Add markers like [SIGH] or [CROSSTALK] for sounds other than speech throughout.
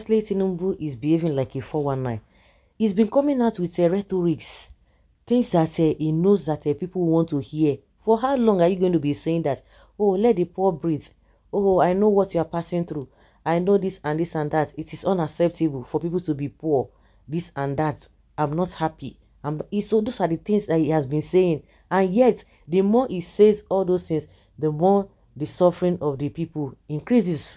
Honestly, Tinubu is behaving like a 419. He's been coming out with the uh, rhetorics, things that uh, he knows that uh, people want to hear. For how long are you going to be saying that? Oh, let the poor breathe. Oh, I know what you are passing through. I know this and this and that. It is unacceptable for people to be poor. This and that. I'm not happy. I'm not, so those are the things that he has been saying. And yet, the more he says all those things, the more the suffering of the people increases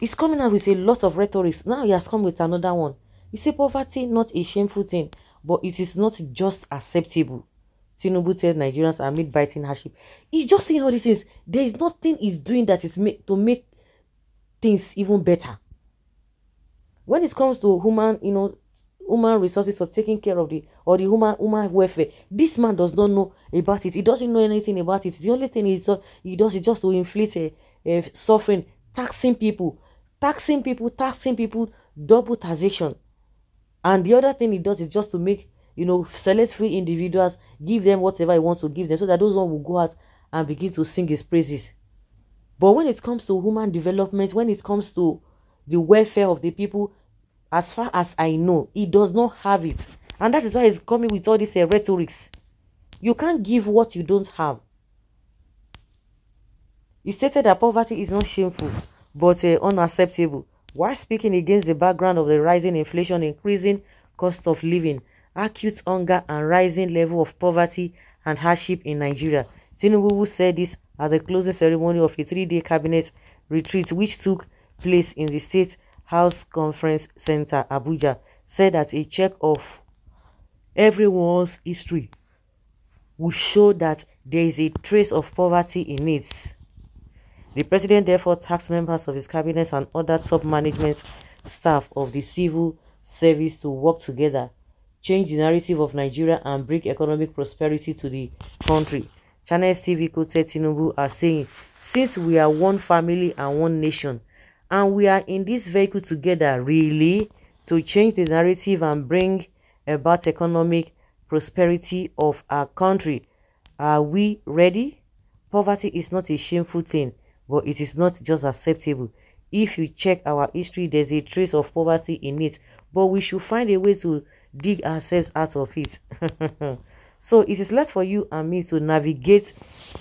he's coming out with a lot of rhetorics. Now he has come with another one. He said poverty not a shameful thing, but it is not just acceptable. Tinubu said Nigerians are made biting hardship. He's just saying all these things. There is nothing he's doing that is made to make things even better. When it comes to human, you know, human resources or taking care of the or the human human welfare, this man does not know about it. He doesn't know anything about it. The only thing he, he does is just to inflict a, eh, a eh, suffering taxing people, taxing people, taxing people, double taxation. And the other thing it does is just to make, you know, select free individuals, give them whatever he wants to give them so that those ones will go out and begin to sing his praises. But when it comes to human development, when it comes to the welfare of the people, as far as I know, he does not have it. And that is why he's coming with all these uh, rhetorics. You can't give what you don't have. He stated that poverty is not shameful, but uh, unacceptable, while speaking against the background of the rising inflation, increasing cost of living, acute hunger and rising level of poverty and hardship in Nigeria. Tinubu said this at the closing ceremony of a three-day cabinet retreat which took place in the State House Conference Center, Abuja, said that a check of everyone's history would show that there is a trace of poverty in it. The president therefore tasked members of his cabinet and other top management staff of the civil service to work together, change the narrative of Nigeria and bring economic prosperity to the country. Channels TV quoted Tinubu as saying, since we are one family and one nation, and we are in this vehicle together really to change the narrative and bring about economic prosperity of our country. Are we ready? Poverty is not a shameful thing. but it is not just acceptable. If you check our history, there's a trace of poverty in it, but we should find a way to dig ourselves out of it. [LAUGHS] so it is less for you and me to navigate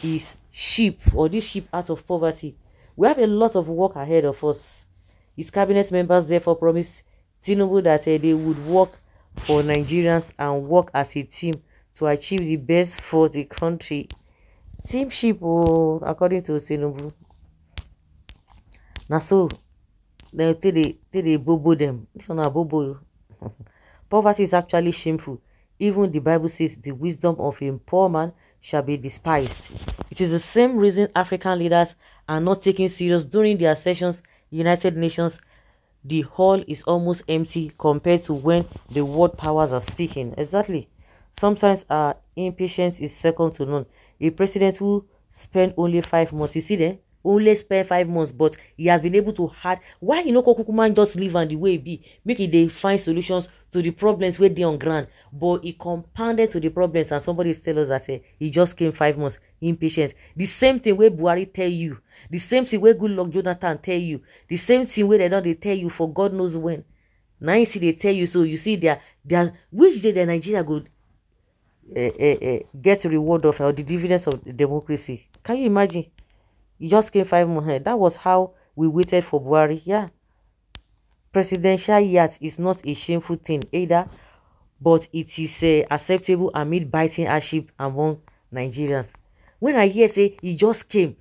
this ship or this ship out of poverty. We have a lot of work ahead of us. His cabinet members therefore promised Tinubu that uh, they would work for Nigerians and work as a team to achieve the best for the country. Teamship, oh, according to Tinubu. so they take they take they bobo them. This one a bobo [LAUGHS] poverty is actually shameful even the bible says the wisdom of a poor man shall be despised it is the same reason african leaders are not taking serious during their sessions united nations the hall is almost empty compared to when the world powers are speaking exactly sometimes our impatience is second to none a president who spent only five months you see there only spare five months but he has been able to hard why you know, kukuman just live and the way be make e dey find solutions to the problems where they on ground but he compounded to the problems and somebody tell us that uh, he just came five months impatient the same thing where buhari tell you the same thing where Good Lord jonathan tell you the same thing they don't they tell you for god knows when Now you see they tell you so you see they are which day the nigeria go uh, uh, uh, get reward of or the dividends of democracy can you imagine He just came five months ahead. That was how we waited for Buhari. Yeah. Presidential yacht is not a shameful thing either, but it is uh, acceptable amid biting hardship among Nigerians. When I hear say he just came,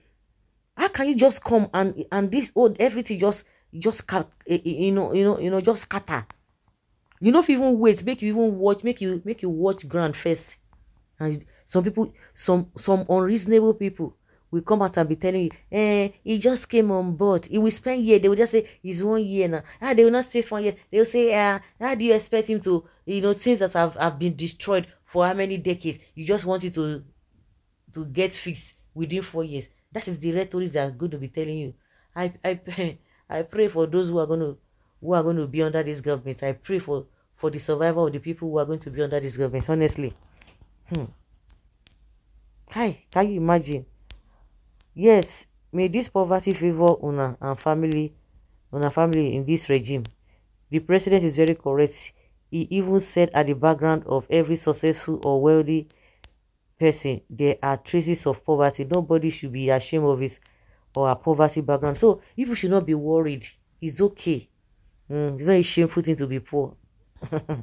how can you just come and and this old everything just just cut? Eh, eh, you know you know you know just scatter? You know if you even wait, make you even watch, make you make you watch grand first. And some people, some some unreasonable people will come out and be telling you, eh, he just came on board. He will spend year. They will just say he's one year now. Ah, they will not stay for year. They will say, ah, how do you expect him to, you know, things that have, have been destroyed for how many decades? You just want it to to get fixed within four years. That is the rhetoric they are going to be telling you. I I [LAUGHS] I pray for those who are going to who are going to be under this government. I pray for for the survival of the people who are going to be under this government. Honestly, hmm. Hi, can you imagine? yes may dis poverty favour una and family una family in dis regime di president is very correct e even said at di background of every successful or wealthy person there are traces of poverty nobody should be ashamed of his or her poverty background so people should not be worried it's okay mm, it's not a shameful thing to be poor [LAUGHS]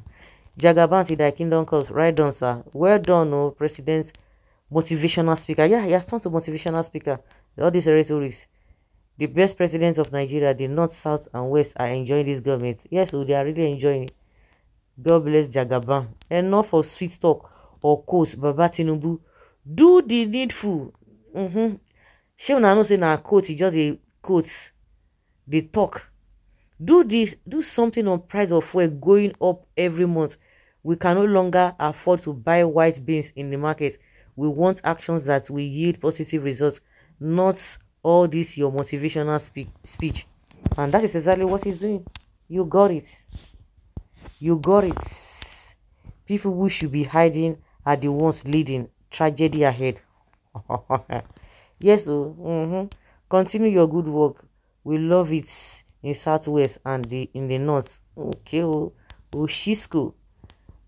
jagaban till thy kingdom comes right done sir well done o oh, president motivational speaker. Yeah, he has turned to motivational speaker. All these rhetorics. The best presidents of Nigeria, the North, South, and West, are enjoying this government. Yes, so oh, they are really enjoying it. God bless Jagaban. Enough of sweet talk or quotes, Baba Tinubu. Do the needful. Mm-hmm. Shey una know say na quote, e just a quote, dey talk. Do this, do something on price of fuel going up every month. We can no longer afford to buy white beans in the market. We want actions that will yield positive results, not all this your motivational spe speech. And that is exactly what he's doing. You got it. You got it. People who should be hiding are the ones leading. Tragedy ahead. [LAUGHS] yes, mm -hmm. continue your good work. We love it in Southwest and the in the North. Okay, oh, oh, cool.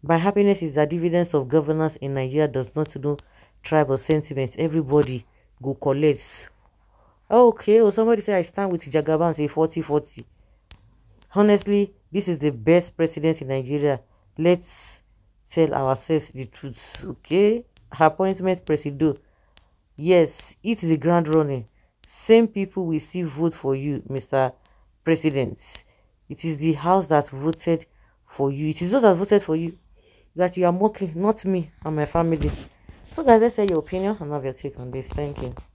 My happiness is the dividends of governance in Nigeria does not know tribe or sentiment everybody go collect oh, okay oh somebody say i stand with jagaban say 40 40 honestly this is the best president in nigeria let's tell ourselves the truth okay appointment presido yes it is a grand running same people we see vote for you mr president it is the house that voted for you it is those that voted for you that you are mocking not me and my family So guys, let's say your opinion. and have your take on this. Thank you.